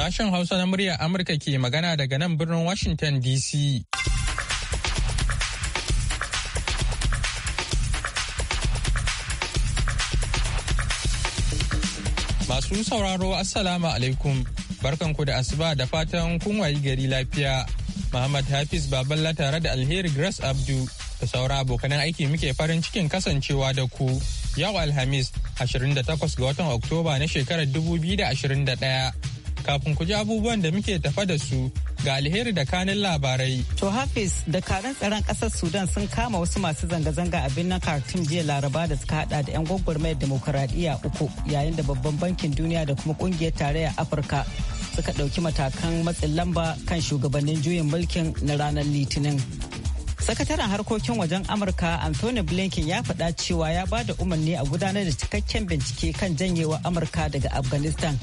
Sashen Hausa na muryar Amurka ke magana daga nan birnin Washington DC. Masu sauraro Assalamu alaikum barkanku da asuba da fatan kun wayi gari lafiya. Muhammad Hafiz Baballa tare da Alheri Grace Abdu da saura abokan aiki muke farin cikin kasancewa da ku. Yau Alhamis 28 ga watan Oktoba na shekarar 2021 kafin ku ji abubuwan da muke tafa da su ga alheri da kanin labarai. To Hafiz, dakarun tsaron ƙasar Sudan sun kama wasu masu zanga-zanga a birnin Khartoum jiya Laraba da suka hada da 'yan gwagwarmayar demokuraɗiyya uku yayin da babban bankin duniya da kuma ƙungiyar tarayyar Afirka suka ɗauki matakan matsin lamba kan shugabannin juyin mulkin na ranar Litinin. sakataren harkokin wajen amurka anthony blinken ya faɗa cewa ya ba da umarni a gudanar da cikakken bincike kan janyewa amurka daga afghanistan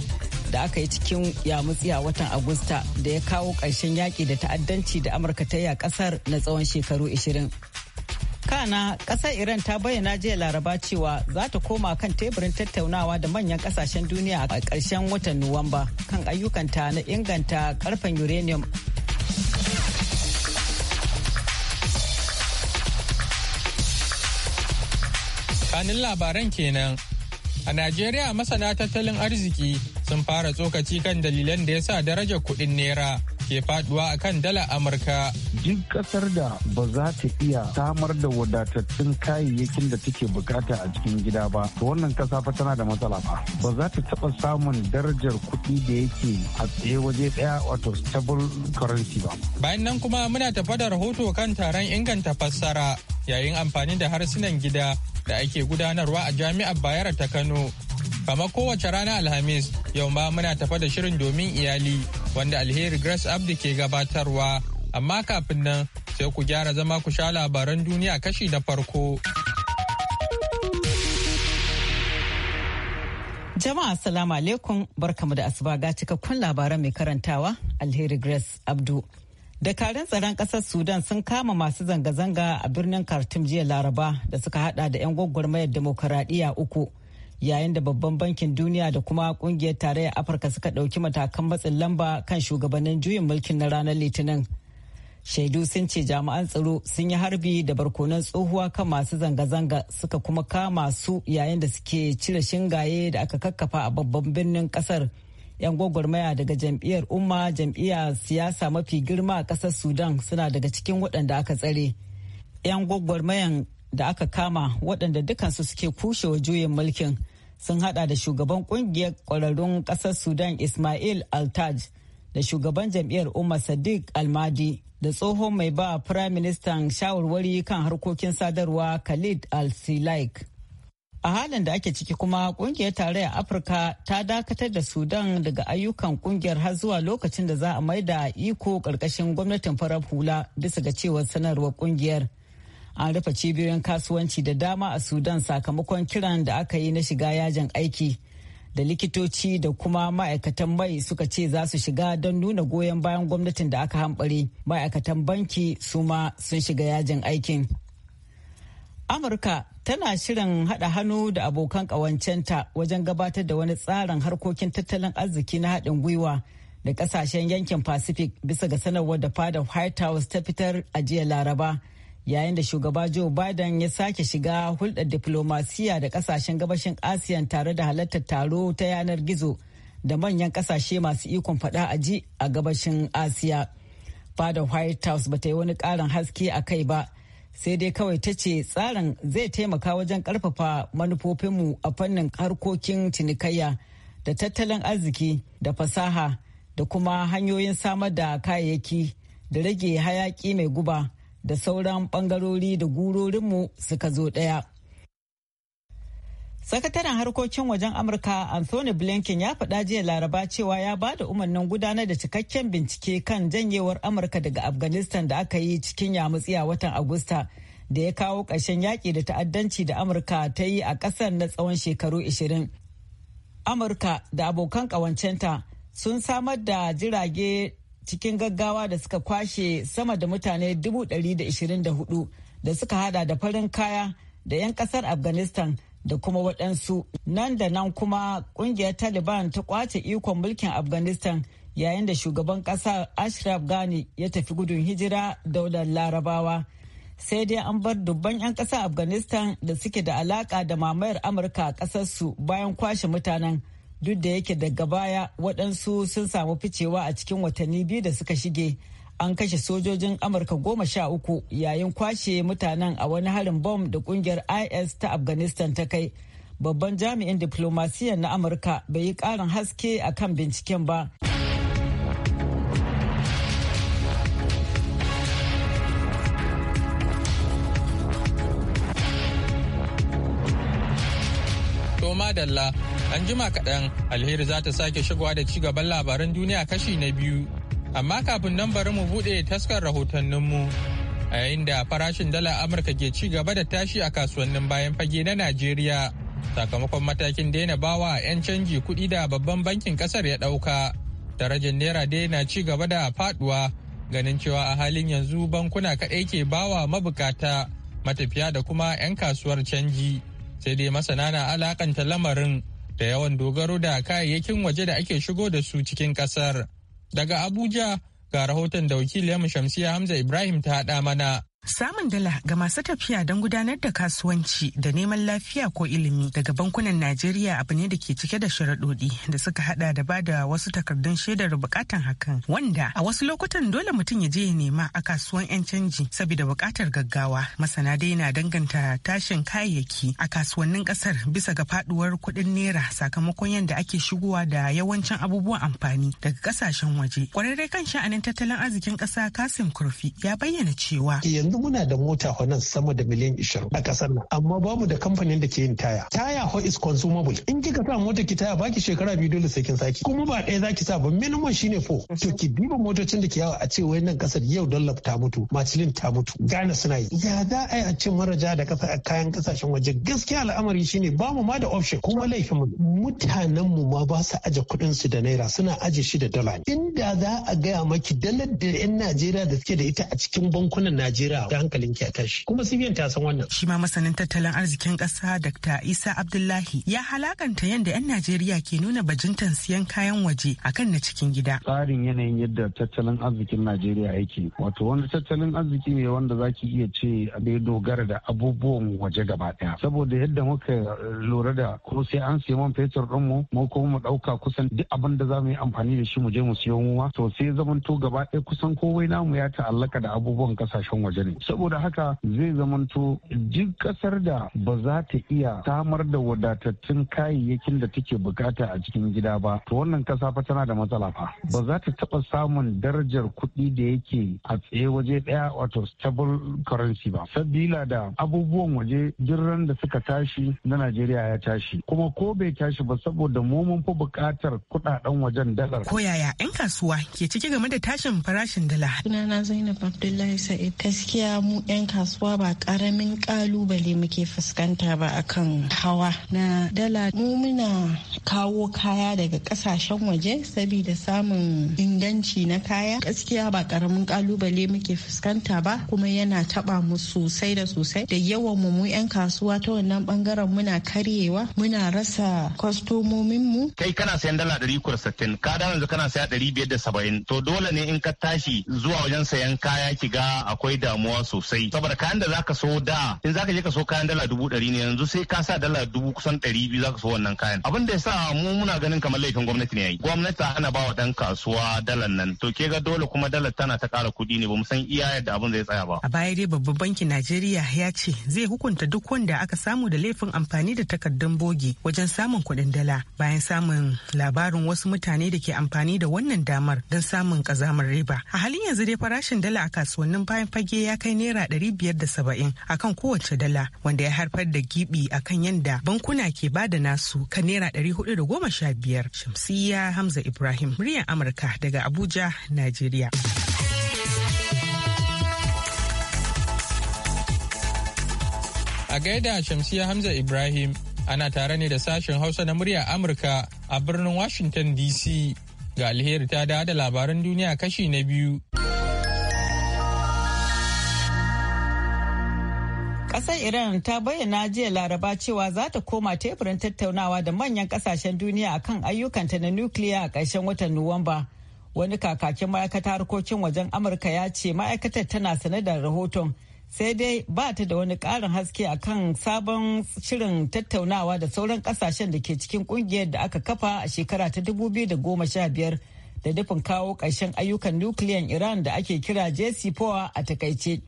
da aka yi cikin yamutsi a watan agusta da ya kawo ƙarshen yaƙi da ta'addanci da amurka ta yi a ƙasar na tsawon shekaru 20 kana ƙasar iran ta bayyana jiya laraba cewa za ta koma kan teburin tattaunawa da manyan ƙasashen duniya a ƙarshen watan nuwamba kan ayyukanta na inganta karfen uranium kanin labaran kenan A Najeriya masana tattalin arziki sun fara tsokaci kan dalilan da ya sa darajar kuɗin nera. ke faduwa kan dala Amurka. Duk kasar da ba za ta iya samar da wadatattun kayayyakin da take bukata a cikin gida ba, to wannan kasa fa tana da matsala ba. Ba za ta taba samun darajar kuɗi da yake a tsaye waje ɗaya wato stable currency ba. Bayan nan kuma muna tafa da rahoto kan taron inganta fassara yayin amfani da harsunan gida da ake gudanarwa a jami'ar Bayero ta Kano. Kama kowace rana Alhamis, yau ma muna tafa da shirin domin iyali wanda alheri Grace Abdi ke gabatarwa. Amma kafin nan sai ku gyara zama ku sha labaran duniya kashi na farko. Jama'a salamu alaikum barkamu da asuba ga cikakkun labaran mai karantawa alheri Grace Abdu. Dakarun tsaron ƙasar Sudan sun kama masu zanga-zanga a birnin Khartoum jiya Laraba da suka hada da 'yan gwagwarmayar demokuraɗiyya uku. yayin da babban bankin duniya da kuma kungiyar tarayyar afirka suka ɗauki matakan matsin lamba kan shugabannin juyin mulkin na ranar litinin shaidu sun ce jami'an tsaro sun yi harbi da barkonan tsohuwa kan masu zanga-zanga suka kuma kama su yayin da suke cire shingaye da aka kakkafa a babban birnin kasar yan gwagwarmaya daga jam'iyyar umma jam'iyyar siyasa mafi girma a kasar sudan suna daga cikin waɗanda aka tsare yan gwagwarmayan da aka kama waɗanda dukansu suke kushewa juyin mulkin sun hada da shugaban kungiyar ƙwararrun ƙasar sudan ismail altaj da shugaban jam'iyyar umar sadiq almadi da tsohon mai ba prime Minister shawarwari kan harkokin sadarwa khalid al-silaik a halin da ake ciki kuma kungiyar tarayyar afirka ta dakatar da sudan daga ayyukan kungiyar har zuwa lokacin da za a maida iko ƙarƙashin gwamnatin farar hula bisa ga cewar sanarwar kungiyar. an rufe cibiyoyin kasuwanci da dama a sudan sakamakon kiran da aka yi na shiga yajin aiki da likitoci da kuma ma'aikatan mai suka ce za su shiga don nuna goyon bayan gwamnatin da aka hambare ma'aikatan banki su ma sun shiga yajin aikin amurka tana shirin hada hannu da abokan ƙawancenta wajen gabatar da wani tsarin harkokin tattalin arziki na haɗin gwiwa da ƙasashen yankin pacific bisa ga sanarwar da fadar white house ta fitar a jiya laraba yayin da shugaba Joe Biden ya sake shiga hulɗar diplomasiya da kasashen gabashin asiya tare da halartar taro ta yanar gizo da manyan kasashe masu ikon faɗa a ji a gabashin asiya fadar white house ba ta yi wani ƙarin haske a kai ba sai dai kawai ta ce tsarin zai taimaka wajen ƙarfafa manufofinmu a fannin harkokin cinikayya da tattalin arziki da fasaha da kuma hanyoyin samar da kayayyaki da rage hayaƙi mai guba da sauran bangarori da gurorinmu suka zo ɗaya. Sakataren harkokin wajen Amurka Anthony Blinken ya faɗa jiya Laraba cewa ya ba da umarnin gudanar da cikakken bincike kan janyewar Amurka daga Afghanistan da aka yi cikin yamutsi a watan Agusta da ya kawo ƙarshen yaƙi da ta'addanci da Amurka ta yi a ƙasar na tsawon shekaru 20. Amurka da abokan ƙawancenta sun samar da jirage cikin gaggawa da suka kwashe sama da mutane 124 da suka hada da farin kaya da 'yan kasar afghanistan da kuma waɗansu nan da nan kuma ƙungiyar taliban ta kwace ikon mulkin afghanistan yayin da shugaban ƙasa ashraf ghani ya tafi gudun hijira daular larabawa sai dai an bar dubban 'yan ƙasar afghanistan da suke da alaƙa da mamayar amurka a ƙasarsu bayan kwashe mutanen duk da yake daga baya waɗansu sun samu ficewa a cikin watanni biyu da suka shige an kashe sojojin amurka goma sha uku yayin kwashe mutanen a wani harin bom da kungiyar is ta afghanistan ta kai babban jami'in diplomasiyyar na amurka bai yi ƙarin haske a kan binciken ba. madalla an jima kaɗan alheri za ta sake shigowa da ci gaban labaran duniya kashi na biyu amma kafin nan bari mu buɗe taskar rahotanninmu a yayin da farashin dala amurka ke ci gaba da tashi a kasuwannin bayan fage na najeriya sakamakon matakin daina bawa 'yan canji kuɗi da babban bankin ƙasar ya ɗauka darajar naira dai na ci gaba da faɗuwa ganin cewa a halin yanzu bankuna kaɗai ke bawa mabukata matafiya da kuma 'yan kasuwar canji. sai dai masana na alakanta lamarin da yawan dogaro da kayayyakin waje da ake shigo da su cikin kasar daga abuja ga rahoton da wakiliyar shamsiya hamza ibrahim ta haɗa mana Samun dala ga masu tafiya don gudanar da kasuwanci da neman lafiya ko ilimi daga bankunan Najeriya abu ne da ke cike da sharaɗoɗi da suka hada da bada wasu takardun shaidar bukatan hakan wanda a wasu lokutan dole mutum ya je ya nema a kasuwan 'yan canji saboda bukatar gaggawa. Masana dai na danganta tashin kayayyaki a kasuwannin ƙasar bisa ga faduwar kuɗin naira sakamakon yadda ake shigowa da yawancin abubuwan amfani daga ƙasashen waje. Kwararre kan sha'anin tattalin arzikin ƙasa Kasim Kurfi ya bayyana cewa. yanzu muna da mota nan sama da miliyan 20 a kasar nan amma bamu da kamfanin da ke yin taya taya ho is consumable in kika sa mota ki taya baki shekara biyu dole sai kin saki kuma ba ɗaya zaki sa ba minimum shine fo mhm. to ki diba motocin da ke yawa a ce wai nan kasar yau dollop ta mutu macilin ta mutu gana suna yi ya za a yi a ce maraja da kasa a kayan kasashen waje gaskiya al'amari shine bamu ma da option kuma laifin mutanen mu ma ba su aje kuɗin su da naira suna aje shi da dala inda za a gaya maki dalar da 'yan Najeriya da suke da ita a cikin bankunan Najeriya dole da hankalin ki a tashi kuma sibiyan ta san wannan shi ma masanin tattalin arzikin ƙasa dr isa abdullahi ya halakanta yadda yan najeriya ke nuna bajintan siyan kayan waje akan na cikin gida tsarin yanayin yadda tattalin arzikin najeriya yake wato wani tattalin arziki ne wanda zaki iya ce a dogara da abubuwan waje gaba daya saboda yadda muka lura da ko sai an siya man fetur din mu mu ko mu ɗauka kusan duk abin da zamu yi amfani da shi mu je mu siyo muwa to sai zamanto gaba daya kusan kowai namu ya ta'allaka da abubuwan kasashen waje saboda haka zai zamanto duk kasar da ba za ta iya samar da wadatattun kayayyakin da take bukata a cikin gida ba to wannan kasa fa tana da matsala fa ba za ta taba samun darajar kuɗi da yake a tsaye waje ɗaya wato stable currency ba sabila da abubuwan waje jirran da suka tashi na Najeriya ya tashi kuma ko bai tashi ba saboda mu mun fi bukatar kuɗaɗen wajen dalar ko yaya 'yan kasuwa ke cike game da tashin farashin dala sunana Zainab Abdullahi Sa'id gaskiya gaskiya mu 'yan kasuwa ba karamin kalubale muke fuskanta ba akan hawa na dala mu muna kawo kaya daga kasashen waje saboda samun inganci na kaya gaskiya ba karamin kalubale muke fuskanta ba kuma yana taba mu sosai da sosai da yawan mu 'yan kasuwa ta wannan bangaren muna karyewa muna rasa kwastomomin mu kai kana sayan dala 160 ka da yanzu kana saya 570 to dole ne in ka tashi zuwa wajen sayan kaya ki ga akwai damu damuwa sosai saboda kayan da zaka so da in zaka je ka so kayan dala dubu ɗari ne yanzu sai ka sa dala dubu kusan ɗari biyu zaka so wannan kayan abin da yasa mu muna ganin kamar laifin gwamnati ne yayi gwamnati ana ba wa ɗan kasuwa dalan nan to ke ga dole kuma dalar tana ta kara kuɗi ne mu san iya yadda abin zai tsaya ba a baya dai babban bankin Najeriya ya ce zai hukunta duk wanda aka samu da laifin amfani da takardun bogi wajen samun kuɗin dala bayan samun labarin wasu mutane da ke amfani da wannan damar don samun kazamar riba a halin yanzu dai farashin dala a kasuwannin bayan fage ya kai naira ɗari biyar da saba'in akan kowace dala wanda ya haifar da gibi akan yadda bankuna ke ba da nasu kan naira ɗari hudu da goma sha biyar. Shamsiyya Hamza Ibrahim muryar Amurka daga Abuja, Najeriya. A gaida Shamsiyya Hamza Ibrahim ana tare ne da sashen Hausa na muryar Amurka a birnin Washington DC. Ga alheri ta da labaran duniya kashi na biyu. Ƙasar Iran ta bayyana jiya Laraba cewa za ta koma teburin tattaunawa da manyan kasashen duniya akan ayyukanta na nukiliya a ƙarshen watan Nuwamba. Wani kakakin ma'aikata harkokin wajen Amurka ya ce ma'aikatar tana sane rahoton sai dai ba ta da wani ƙarin haske akan sabon shirin tattaunawa da sauran kasashen da ke cikin ƙungiyar da aka kafa a shekara ta 2015 da dafin kawo ƙarshen ayyukan nukiliyan Iran da ake kira JCPOA a takaice.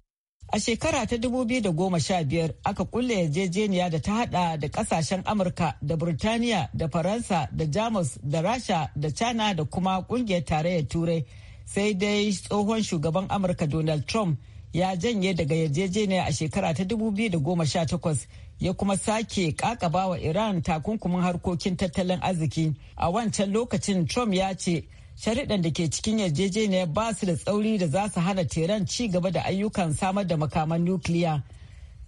A shekara ta 2015 aka kulle yarjejeniya da ta hada da kasashen Amurka da Burtaniya da Faransa da Jamus da Rasha da China da kuma kungiyar tarayyar Turai. Sai dai tsohon shugaban Amurka Donald Trump ya janye daga yarjejeniya a shekara ta 2018 ya kuma sake kakabawa Iran takunkumin harkokin tattalin arziki. A wancan lokacin Trump ya ce sharidan da ke cikin yarjejeniya ba su da tsauri da za su hana teran ci gaba da ayyukan samar da makaman nukiliya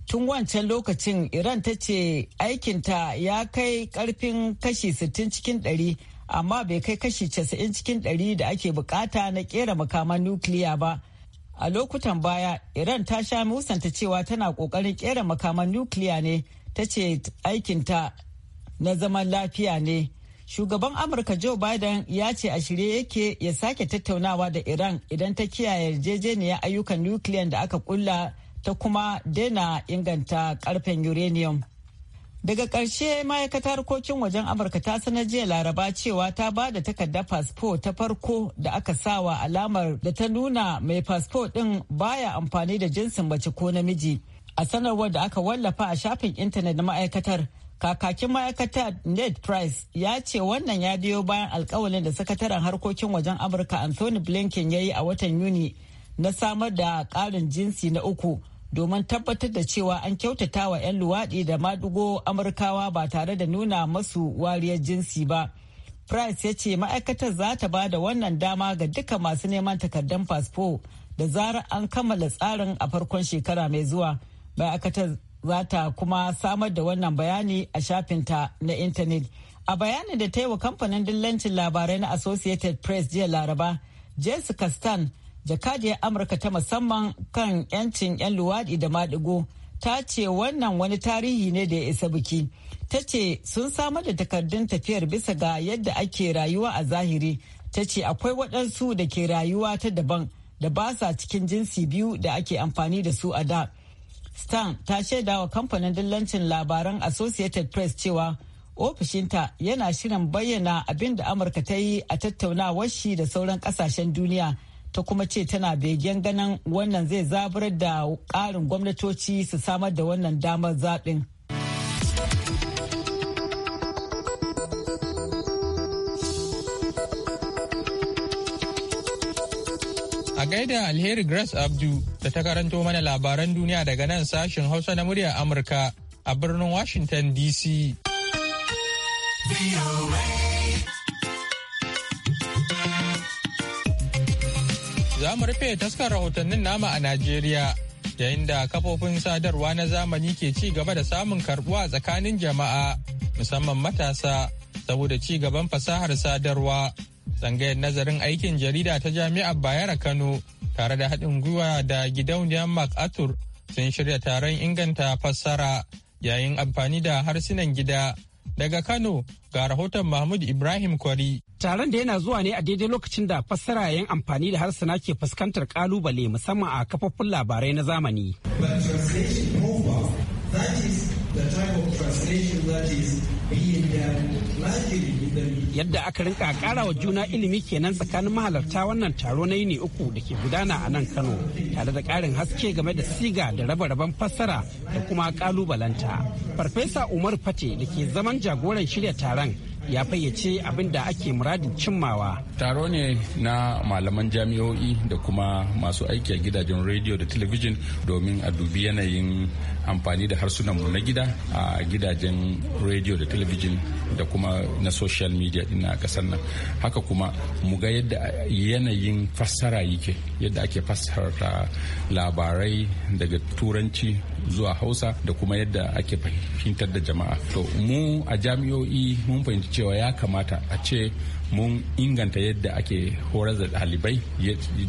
tun wancan lokacin iran ta ce aikinta ya kai karfin kashi 60 cikin 100 amma bai kai kashi 90 cikin 100 da ake bukata na kera makaman nukiliya ba a lokutan baya iran ta sha musanta cewa tana kokarin kera makaman nukiliya ne ta ce aikinta na zaman lafiya ne shugaban amurka joe biden ya ce a shirye yake ya sake tattaunawa da iran idan ta kiyaye yarjejeniyar ayyukan nukiliyan da aka kulla ta kuma daina inganta karfen uranium daga ƙarshe ma'aikatar harkokin wajen amurka ta sanar jiya laraba cewa ta ba da takardar fasfo ta farko da aka sawa alamar da ta nuna mai fasfo ɗin baya amfani da jinsin mace ko namiji a sanarwar da aka wallafa a shafin intanet na ma'aikatar kakakin ma'aikata ned price ya ce wannan ya biyo bayan alkawalin da sakataren harkokin wajen amurka anthony blinken ya yi a watan yuni na samar da ƙarin jinsi na uku domin tabbatar da cewa an kyautata wa 'yan luwaɗi da madugo amurkawa ba tare da nuna masu wariyar jinsi ba price ya ce ma'aikatar za ta ba da wannan dama ga duka masu neman takardar fasfo da zarar an kammala tsarin a farkon shekara mai zuwa ma'aikatar za ta kuma samar da wannan bayani a shafinta na intanet. A bayanin da ta yi wa kamfanin dillancin labarai na Associated Press jiya Laraba, Jessica Stan, jakadiyar Amurka ta musamman kan 'yancin 'yan luwaɗi da maɗigo, ta ce wannan wani tarihi ne da ya isa biki. Ta ce sun samar da takardun tafiyar bisa ga yadda ake rayuwa a zahiri. Ta ce akwai waɗansu da ke rayuwa ta daban da ba sa cikin jinsi biyu da ake amfani da su a da. Stan ta shaida wa kamfanin dillancin labaran Associated Press cewa ofishinta yana shirin bayyana abin da Amurka ta yi a tattaunawar shi da sauran kasashen duniya ta kuma ce tana begen ganin wannan zai zabar da ƙarin gwamnatoci su samar da wannan damar zaɓin. A gaida Alheri Grace Abdu da ta karanto mana labaran duniya daga nan sashen Hausa na muryar Amurka a birnin Washington DC. Za mu rufe taskar rahotannin nama a Najeriya yayin da kafofin sadarwa na zamani ke ci gaba da samun karbuwa tsakanin jama'a musamman matasa saboda ci gaban fasahar sadarwa tsangayar nazarin aikin jarida ta jami'ar bayero kano tare da haɗin gwiwa da gidauniyar macarthur sun shirya taron inganta fassara yayin amfani da harsunan gida daga kano ga rahoton mahmud ibrahim kwari taron da yana zuwa ne a daidai lokacin da fassara yayin amfani da harsuna ke fuskantar kalubale musamman a kafofin labarai na zamani Yadda aka rinka kara wa juna ilimi kenan tsakanin mahalarta wannan taro na yini uku da ke gudana a nan Kano tare da karin haske game da siga da raba-raban fassara da kuma kalubalanta Farfesa Umar Fate da ke zaman jagoran shirya taron ya fayyace abin da ake muradin cimmawa. Taro ne na malaman jami'o'i da kuma masu aiki a gidajen rediyo da talabijin domin a dubi yanayin amfani da mu na gida a gidajen radio da television da kuma na social media din a kasar nan haka kuma mu ga yadda yanayin fassara yake yadda ake fassara labarai daga turanci zuwa hausa da kuma yadda ake fahimtar da jama'a to mu a jami'o'i mun fahimci cewa ya kamata a ce mun inganta yadda ake horar da ɗalibai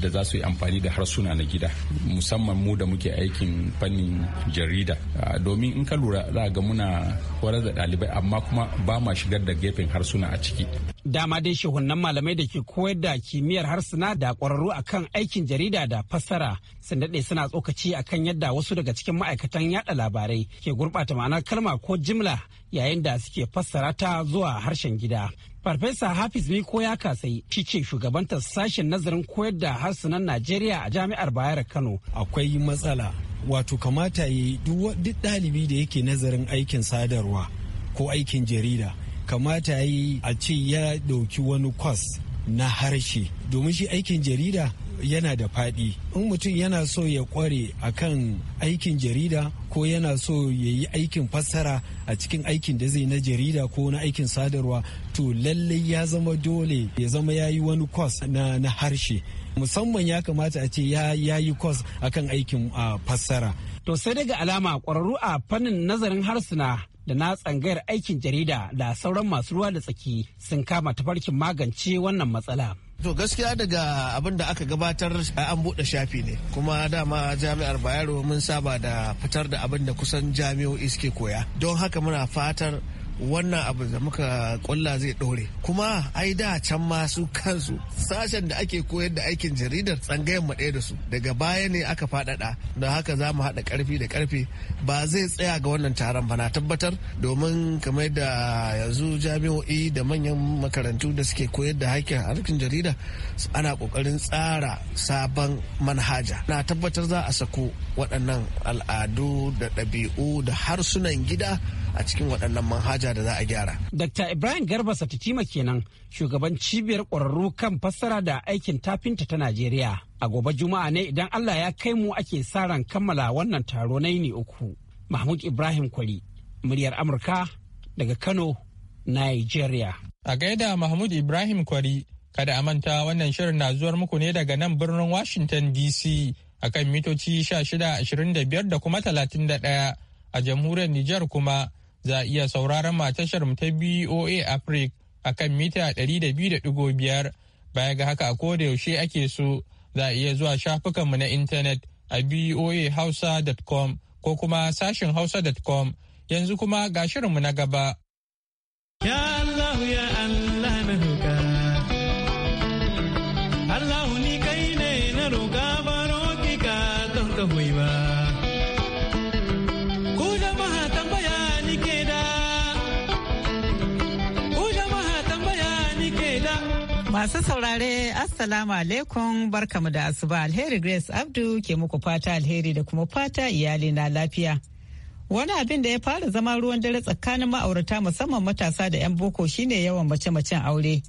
da za su yi amfani da harsuna na gida musamman mu da muke aikin fannin jarida domin in ka lura za ga muna horar da ɗalibai amma kuma ba ma shigar da gefen harsuna a ciki dama dai shehunan malamai da ke koyar da kimiyyar harsuna da a akan aikin jarida da fassara sun daɗe suna tsokaci akan yadda wasu daga cikin ma'aikatan yada labarai ke gurɓata ma'ana kalma ko jimla yayin da suke fassara ta zuwa harshen gida farfesa hafiz miko ya kasai shi ce shugabantar sashen nazarin koyar da harsunan najeriya a jami'ar bayar kano akwai matsala wato kamata ya yi duk ɗalibi da yake nazarin aikin sadarwa ko aikin jarida kamata yi a ce ya ɗauki wani kwas na harshe domin shi aikin jarida yana da faɗi in mutum yana so ya kware a kan aikin jarida ko yana so ya yi aikin fassara a cikin aikin da zai na jarida ko na aikin sadarwa to lallai ya zama dole ya zama ya yi wani kwas na, na harshe musamman ya kamata a ce ya yi kwas a kan aikin fassara to sai daga alama kwararru a fannin nazarin harsuna da na tsangayar aikin jarida da sauran masu ruwa da tsaki sun kama tafarkin magance wannan matsala. To gaskiya daga abin da aka gabatar an buɗe shafi ne kuma dama jami'ar Bayero mun saba da fitar da abin da kusan jami'o'i suke koya. Don haka muna fatar wannan abu da muka kulla zai dore kuma ai da can masu kansu sashen da ake koyar da aikin jaridar tsangayen mu da su daga baya ne aka faɗaɗa da haka za mu haɗa ƙarfi da ƙarfi ba zai tsaya ga wannan taron ba na tabbatar domin kamar da yanzu jami'o'i da manyan makarantu da suke koyar da haƙƙin harkin jarida ana ƙoƙarin tsara sabon manhaja na tabbatar za a sako waɗannan al'adu da ɗabi'u da harsunan gida a cikin waɗannan manhaja da za a gyara. Dr. Ibrahim Garba Satitima kenan shugaban cibiyar ƙwararru kan fassara da aikin tafinta ta Najeriya. A gobe Juma'a ne idan Allah ya kai mu ake sa ran kammala wannan taro na yini uku. Mahmud Ibrahim Kwari, muryar Amurka daga Kano, Nigeria. A gaida Mahmud Ibrahim Kwari, kada a manta wannan shirin na zuwar muku ne daga nan birnin Washington DC akan mitoci 25 da kuma 31 a jamhuriyar Nijar kuma za a iya sauraron matashar mu ta BOA Africa a kan mita 200.5 baya ga haka a koda yaushe ake so za a iya zuwa shafukan mu na intanet a boahausa.com ko kuma sashin hausa.com yanzu kuma ga shirinmu na gaba. Masu saurare Assalamu alaikum barkamu da asuba alheri Grace Abdu ke muku fata alheri da kuma fata iyali na lafiya. Wani abin da ya fara zama ruwan dare tsakanin ma'aurata musamman matasa da 'yan boko shine yawan mace-macen aure.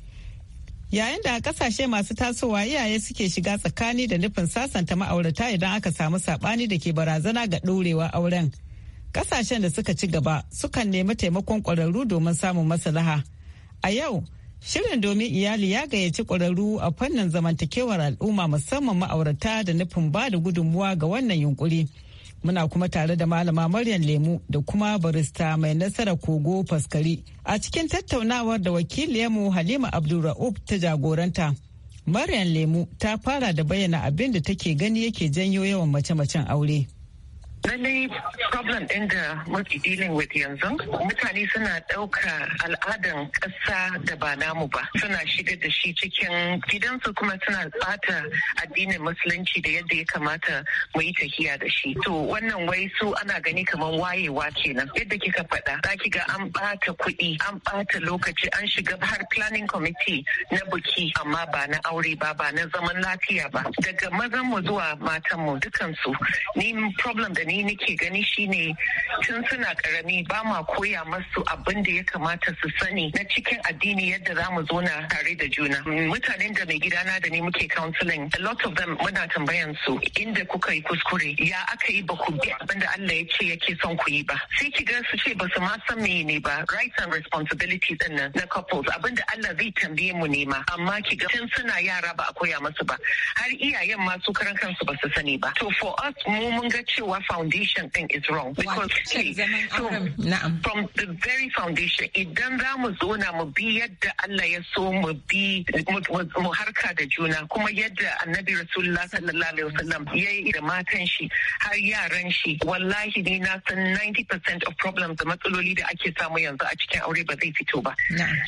Yayin da a kasashe masu tasowa iyaye suke shiga tsakani da nufin sasanta ma'aurata idan aka samu sabani da ke barazana ga ɗorewa auren. Kasashen da suka ci gaba sukan nemi taimakon ƙwararru domin samun maslaha. A yau, Shirin domin iyali ya gayyaci ƙwararru a fannin zamantakewar al'umma musamman ma'aurata da nufin ba da gudunmuwa ga wannan yunkuri. Muna kuma tare da malama Maryam Lemu da kuma barista mai nasara kogo faskari a cikin tattaunawar da wakiliyarmu Halima Abdulra'uf ta jagoranta. Maryam Lemu ta fara da bayyana abin da take gani yake janyo yawan mace-macen aure. lallai problem ɗin da muke dealing with yanzu mutane suna ɗauka al'adan ƙasa da ba namu ba suna shiga da shi cikin gidansu kuma suna ɓata addinin musulunci da yadda ya kamata mu yi tafiya da shi to wannan wai su ana gani kamar wayewa kenan yadda kika faɗa za ki ga an ɓata kuɗi an ɓata lokaci an shiga har planning committee na buki amma ba na aure ba ba na zaman lafiya ba daga mazan mu zuwa matan mu dukansu ni problem da ni ni nake gani shine tun suna karami ba ma koya masu abin da ya kamata su sani na cikin addini yadda za mu zauna tare da juna mutanen da mai gidana da ni muke counseling a lot of them muna tambayan su inda kuka yi kuskure ya aka yi ba ku bi abin da Allah ya ce yake son ku yi ba sai ki ga su ce ba su ma san me ne ba rights and responsibilities din nan na couples abin da Allah zai tambaye mu ne ma amma ki ga tun suna yara ba a koya masu ba har iyayen masu su karan kansu ba su sani ba to for us mu mun ga cewa foundation thing is wrong because so, from the very foundation idan za mu zona mu bi yadda Allah ya so mu bi mu harka da juna kuma yadda annabi rasulullah sallallahu alaihi wasallam ya yi da matan shi har yaran shi wallahi ne na san 90% of problems da matsaloli da ake samu yanzu a cikin aure ba zai fito ba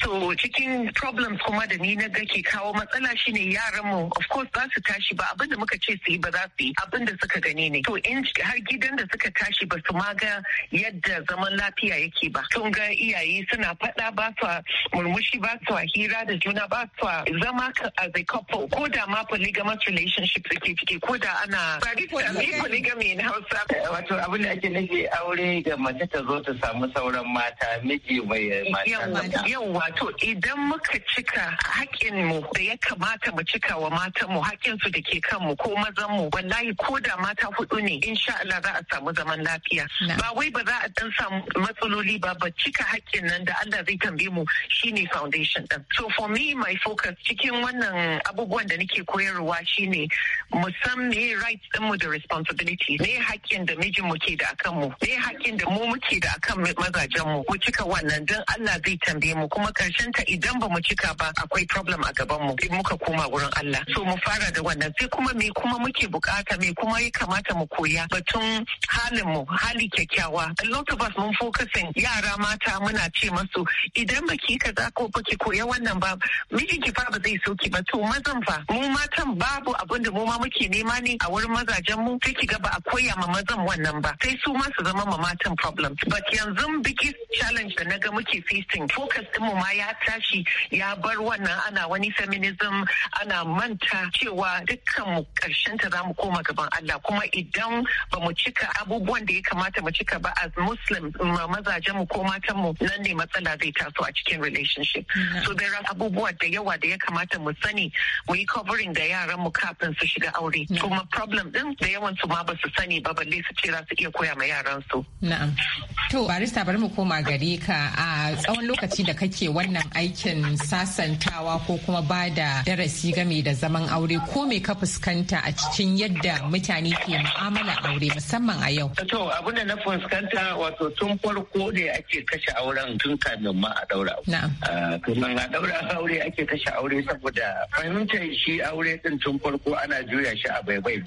so cikin problems kuma da ni na ga ke kawo matsala shine yaran mu of course za su tashi ba abinda muka ce su yi ba za su yi abinda suka gani ne to in har gidan da suka tashi ba su maga yadda zaman lafiya yake ba sun ga iyaye suna faɗa ba su murmushi ba su hira da juna ba su zama as a couple ko da ma polygamous relationship suke ciki ko da ana polygamy na hausa wato abin da ake nufi aure ga mace ta zo ta samu sauran mata miji mai mata yau wato idan muka cika haƙƙin mu da ya kamata mu cika wa matan mu haƙƙin su da ke kanmu ko mazan mu wallahi ko da mata hudu ne insha Allah za a samu zaman lafiya ba wai ba za a dan samu matsaloli ba ba cika hakkin nan da Allah zai tambaye mu shine foundation din so for me my focus cikin wannan abubuwan da nake koyarwa shine mu san me rights din mu da responsibility me hakkin da mijin mu ke da akan mu me hakkin da mu muke da akan mazajen mu mu cika wannan dan Allah zai tambaye mu kuma karshen ta idan ba mu cika ba akwai problem a gaban mu in muka koma wurin Allah so mu fara da wannan sai kuma me kuma muke bukata me kuma ya kamata mu koya batun halin mu hali kyakkyawa a lot of us mun focusing yara mata muna ce masu idan baki kaza ko baki koya wannan ba mijinki fa ba zai soki ba to mazan fa mu matan babu abinda da mu ma muke nema ne a wurin mazajen mu sai ki ga ba a koya ma mazan wannan ba sai su ma su zama ma matan problem but yanzu biggest challenge da na ga muke facing focus din mu ma ya tashi ya bar wannan ana wani feminism ana manta cewa dukkan mu karshen ta zamu koma gaban Allah kuma idan ba mu cika abubuwan da ya kamata mu cika ba as muslim mazajen mu ko matan mu nan ne matsala zai taso a cikin relationship mm-hmm. so there are abubuwa da yawa da ya kamata mu sani mu yi covering da yaran mu kafin su shiga Ga aure kuma problem din da yawan su ma ba su sani ba balle su ce za su iya koya ma yaran su na'am to barista bari mu koma gare ka a tsawon lokaci da kake wannan aikin sasantawa ko kuma ba da darasi game da zaman aure ko me ka fuskanta a cikin yadda mutane ke mu'amala aure musamman a yau to abinda da na fuskanta wato tun farko ne ake kashe auren tun kamin ma a daura na'am kuma a daura aure ake kashe aure saboda fahimtar shi aure din tun farko ana juya shi a baibai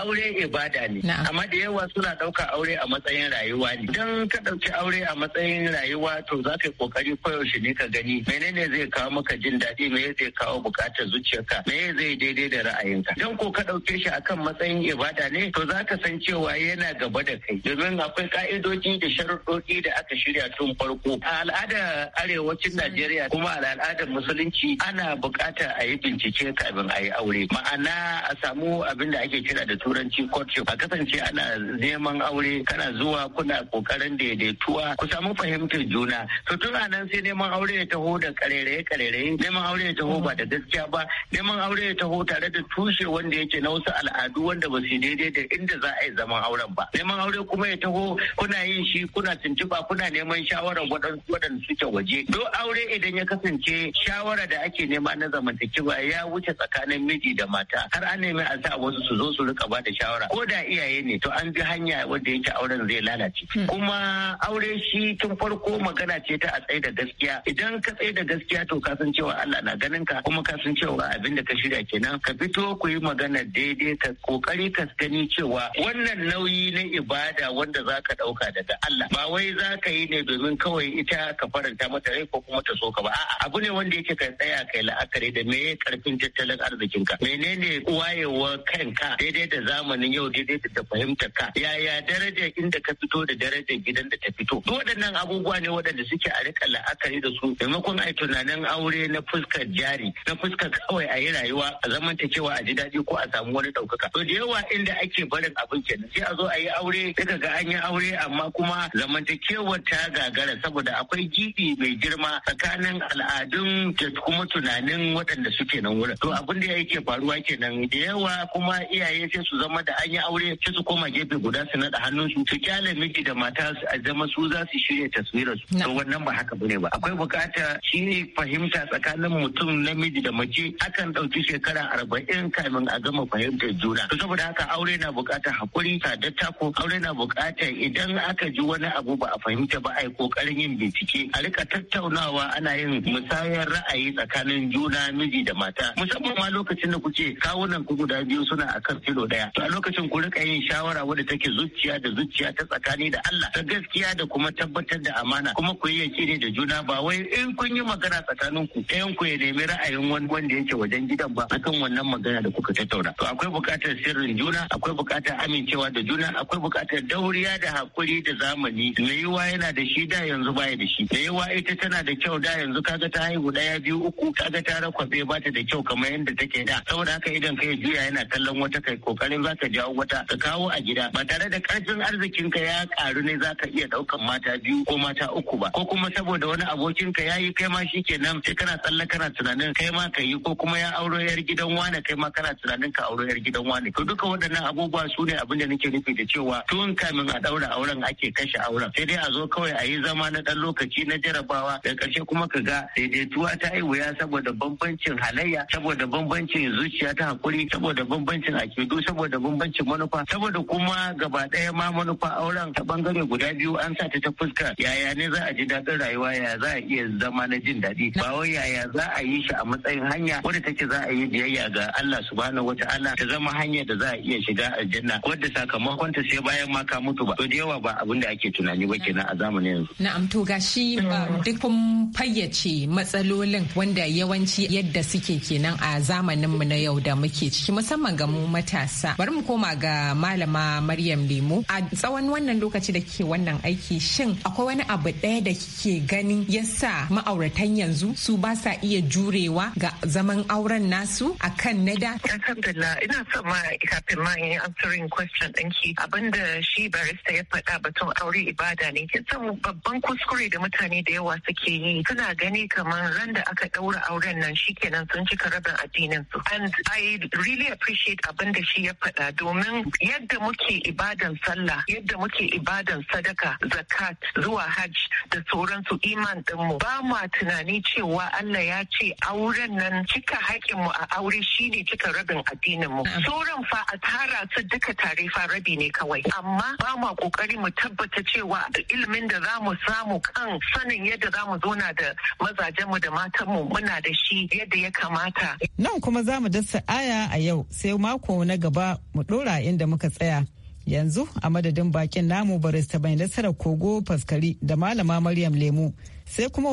aure ibada ne amma da yawa suna ɗauka aure a matsayin rayuwa ne idan ka ɗauki aure a matsayin rayuwa to za ka yi ƙoƙari koyaushe ne ka gani menene zai kawo maka jin daɗi me zai kawo buƙatar zuciyarka me zai daidai da ra'ayinka idan ko ka ɗauke shi akan matsayin ibada ne to za ka san cewa yana gaba da kai domin akwai ka'idoji da sharuɗoɗi da aka shirya tun farko a al'adar arewacin najeriya kuma a al'adar musulunci ana buƙatar a yi bincike kafin a yi aure ma'ana a samu abin da ake kira da turanci courtship a kasance ana neman aure kana zuwa kuna kokarin daidaituwa ku samu fahimtar juna to tun nan sai neman aure ya taho da kareraye kareraye neman aure ya taho ba da gaskiya ba neman aure ya taho tare da tushe wanda yake na wasu al'adu wanda ba su daidai da inda za a yi zaman auren ba neman aure kuma ya taho kuna yin shi kuna tuntuba kuna neman shawarar waɗanda suke waje do aure idan ya kasance shawara da ake nema na zamantakewa ya wuce tsakanin miji da mata har an nemi kawai an sa wasu su zo su rika ba da shawara ko da iyaye ne to an bi hanya wanda yake auren zai lalace hmm. kuma aure shi tun farko magana ce ta a tsaye da gaskiya idan ka tsaye da gaskiya to ka san cewa Allah na ganin ka kuma ka san cewa abinda ka shirya kenan ka fito ku yi magana daidai ka kokari ka gani cewa wannan nauyi na ibada wanda za ka dauka daga Allah ba wai za ka yi ne domin kawai ita ka faranta mata rai ko kuma ta so ka ba a'a abu ne wanda yake ka tsaya kai la'akari da me karfin tattalin arzikin ka menene wayewa wayewar kanka daidai da zamanin yau daidai da fahimtar ka yaya daraja inda ka fito da darajar gidan da ta fito duk waɗannan abubuwa ne waɗanda suke a rika la'akari da su maimakon a tunanin aure na fuskar jari na fuskar kawai a yi rayuwa a zamantakewa a ji daɗi ko a samu wani ɗaukaka to da yawa inda ake barin abin kenan sai a zo a yi aure daga ga an yi aure amma kuma zamantakewar ta gagara saboda akwai gidi mai girma tsakanin al'adun da kuma tunanin waɗanda suke nan wurin to abin da yake faruwa kenan da yawa cewa kuma iyaye sai su zama da an yi aure sai su koma gefe guda su naɗa hannunsu su kyale miji da mata a zama su za su shirya taswirar su to wannan ba haka bane ba akwai bukata ne fahimta tsakanin mutum namiji da mace akan ɗauki shekara arba'in kamin a gama fahimtar juna to saboda haka aure na bukatar hakuri da tako aure na bukatar idan aka ji wani abu ba a fahimta ba a yi kokarin yin bincike a rika tattaunawa ana yin musayar ra'ayi tsakanin juna miji da mata musamman ma lokacin da kuke kawunan ku guda biyu suna akan filo daya to a lokacin ku rika yin shawara wadda take zuciya da zuciya ta tsakani da Allah ta gaskiya da kuma tabbatar da amana kuma ku yi yakini da juna ba wai in kun yi magana tsakanin ku ɗayan ku ya nemi ra'ayin wani wanda yake wajen gidan ba akan wannan magana da kuka tattauna to akwai buƙatar sirrin juna akwai buƙatar amincewa da juna akwai buƙatar dauriya da hakuri da zamani mai yana da shi da yanzu baya da shi mai ita tana da kyau da yanzu kaga ta haihu ɗaya biyu uku kaga ta rakwabe ba ta da kyau kamar yadda take da saboda haka idan ka yi juya yana kallon wata kai kokarin za ka jawo wata ka kawo a gida ba tare da karfin arzikin ka ya karu ne za ka iya daukan mata biyu ko mata uku ba ko kuma saboda wani abokin ka yayi kai ma shikenan sai kana tsalle kana tunanin kai ma ka yi ko kuma ya auro yar gidan wane kai ma kana tunanin ka auro yar gidan wane to duka waɗannan abubuwa su ne abin da nake nufi da cewa tun kamin a daura auren ake kashe auren sai dai a zo kawai a yi zama na dan lokaci na jarabawa da karshe kuma ka ga daidaituwa ta yi wuya saboda bambancin halayya saboda bambancin zuciya ta hakuri saboda bambancin akidu saboda bambancin manufa saboda kuma gaba ɗaya ma manufa auren ta bangare guda biyu an sa ta ta fuska yaya ne za a ji daɗin rayuwa ya za a iya zama na jin daɗi ba wai yaya za a yi shi a matsayin hanya wadda take za a yi biyayya ga Allah subhanahu wata'ala ta zama hanya da za a iya shiga aljanna wadda sakamakon ta sai bayan ma ka mutu ba to da yawa ba abin da ake tunani ba kenan a zamanin yanzu na'am to gashi ah, duk kun fayyace matsalolin wanda yawanci yadda suke kenan a zamanin mu na yau da muke cikin musamman ga mu matasa. Bari mu koma ga malama Maryam Lemu. A tsawon wannan lokaci da kike wannan aiki shin akwai wani abu ɗaya da kike ganin yasa ma'auratan yanzu su ba sa iya jurewa ga zaman auren nasu akan na da? Alhamdulillah ina son ma kafin ma in answering question ɗinki abinda shi barista ya faɗa batun aure ibada ne. Kin san babban kuskure da mutane da yawa suke yi suna gani kamar ran da aka ɗaura auren nan shikenan sun cika rabin addinin su. And I really really appreciate abin da shi ya faɗa domin yadda muke ibadan sallah yadda muke ibadan sadaka zakat zuwa hajj da sauransu iman dinmu ba ma tunani cewa Allah ya ce auren nan cika haƙƙinmu a aure shine cika rabin addinin mu sauran fa a tara su duka fa rabi ne kawai amma ba ma kokari mu tabbata cewa ilimin da zamu samu kan sanin yadda zamu zauna da mazajen mu da matan mu muna da shi yadda ya kamata nan kuma zamu dasa aya a yau sai mako na gaba mu dora inda muka tsaya yanzu a madadin bakin namu barista bai nasarar kogo faskari da malama maryam lemu sai kuma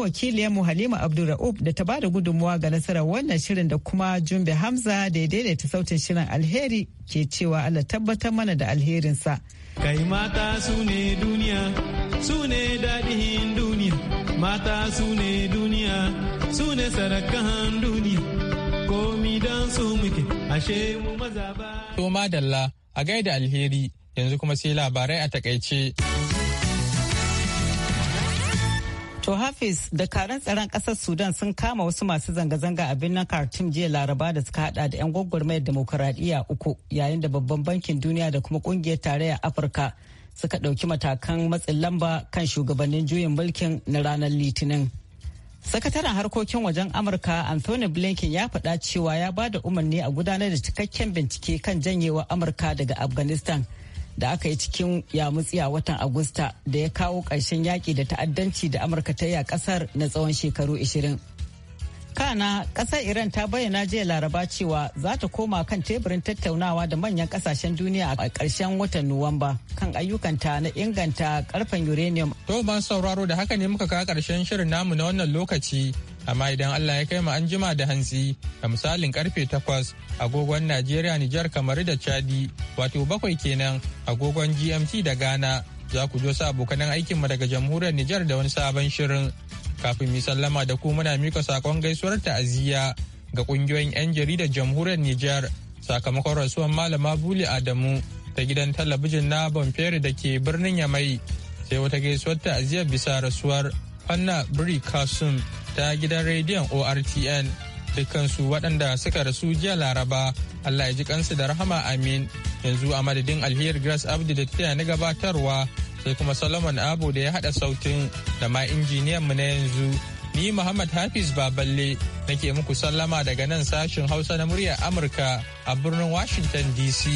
mu halima abdulra'ub da ta bada gudunmuwa ga nasarar wannan shirin da kuma jumbe hamza da ya daidaita sautin shirin alheri ke cewa allah tabbatar mana da alherinsa kai mata su ne duniya su ne daɗin duniya mata su ne duniya su ne sarakan duniya komi don su muke ashe mu maza ba madalla a gaida alheri yanzu kuma sai labarai a takaice. To Hafiz, dakarun tsaron ƙasar Sudan sun kama wasu masu zanga-zanga a birnin Khartoum jiya Laraba da suka hada da 'yan gwagwarmayar demokuraɗiyya uku yayin da babban bankin duniya da kuma ƙungiyar tarayyar Afirka suka ɗauki matakan matsin lamba kan shugabannin juyin mulkin na ranar Litinin. Sakataren harkokin wajen Amurka Anthony Blinken ya faɗa cewa ya ba da umarni a gudanar da cikakken bincike kan janyewa Amurka daga Afghanistan. da aka yi cikin yamutsi a watan agusta da ya kawo ƙarshen yaƙi da ta'addanci da amurka ta yi a ƙasar na tsawon shekaru 20 kana ƙasar iran ta bayyana jiya laraba cewa za ta koma kan teburin tattaunawa da manyan ƙasashen duniya a ƙarshen watan nuwamba kan ayyukanta na inganta karfen uranium to ban sauraro da haka ne muka kawo ƙarshen shirin namu na wannan lokaci amma idan Allah ya kai mu an jima da hantsi da misalin karfe takwas agogon Najeriya Nijar kamar da Chadi wato bakwai kenan agogon GMT da Ghana za ku jo sa abokanan aikin mu daga jamhuriyar Nijar da wani sabon shirin kafin mu sallama da ku muna mika sakon gaisuwar ta'aziyya ga kungiyoyin 'yan jaridar jamhuriyar Nijar sakamakon rasuwar malama Buli Adamu ta gidan talabijin na bamfere da ke birnin Yamai sai wata gaisuwar ta'aziyya bisa rasuwar fanna Biri Kasum ta gidan rediyon ortn dukansu waɗanda suka rasu jiya laraba allah ya ji kansu da rahama amin yanzu a madadin alheri grace abdu da ta na gabatarwa sai kuma solomon abu da ya haɗa sautin da ma injiniyan mu na yanzu ni muhammad hafiz baballe nake muku sallama daga nan sashin hausa na muryar amurka a birnin washington dc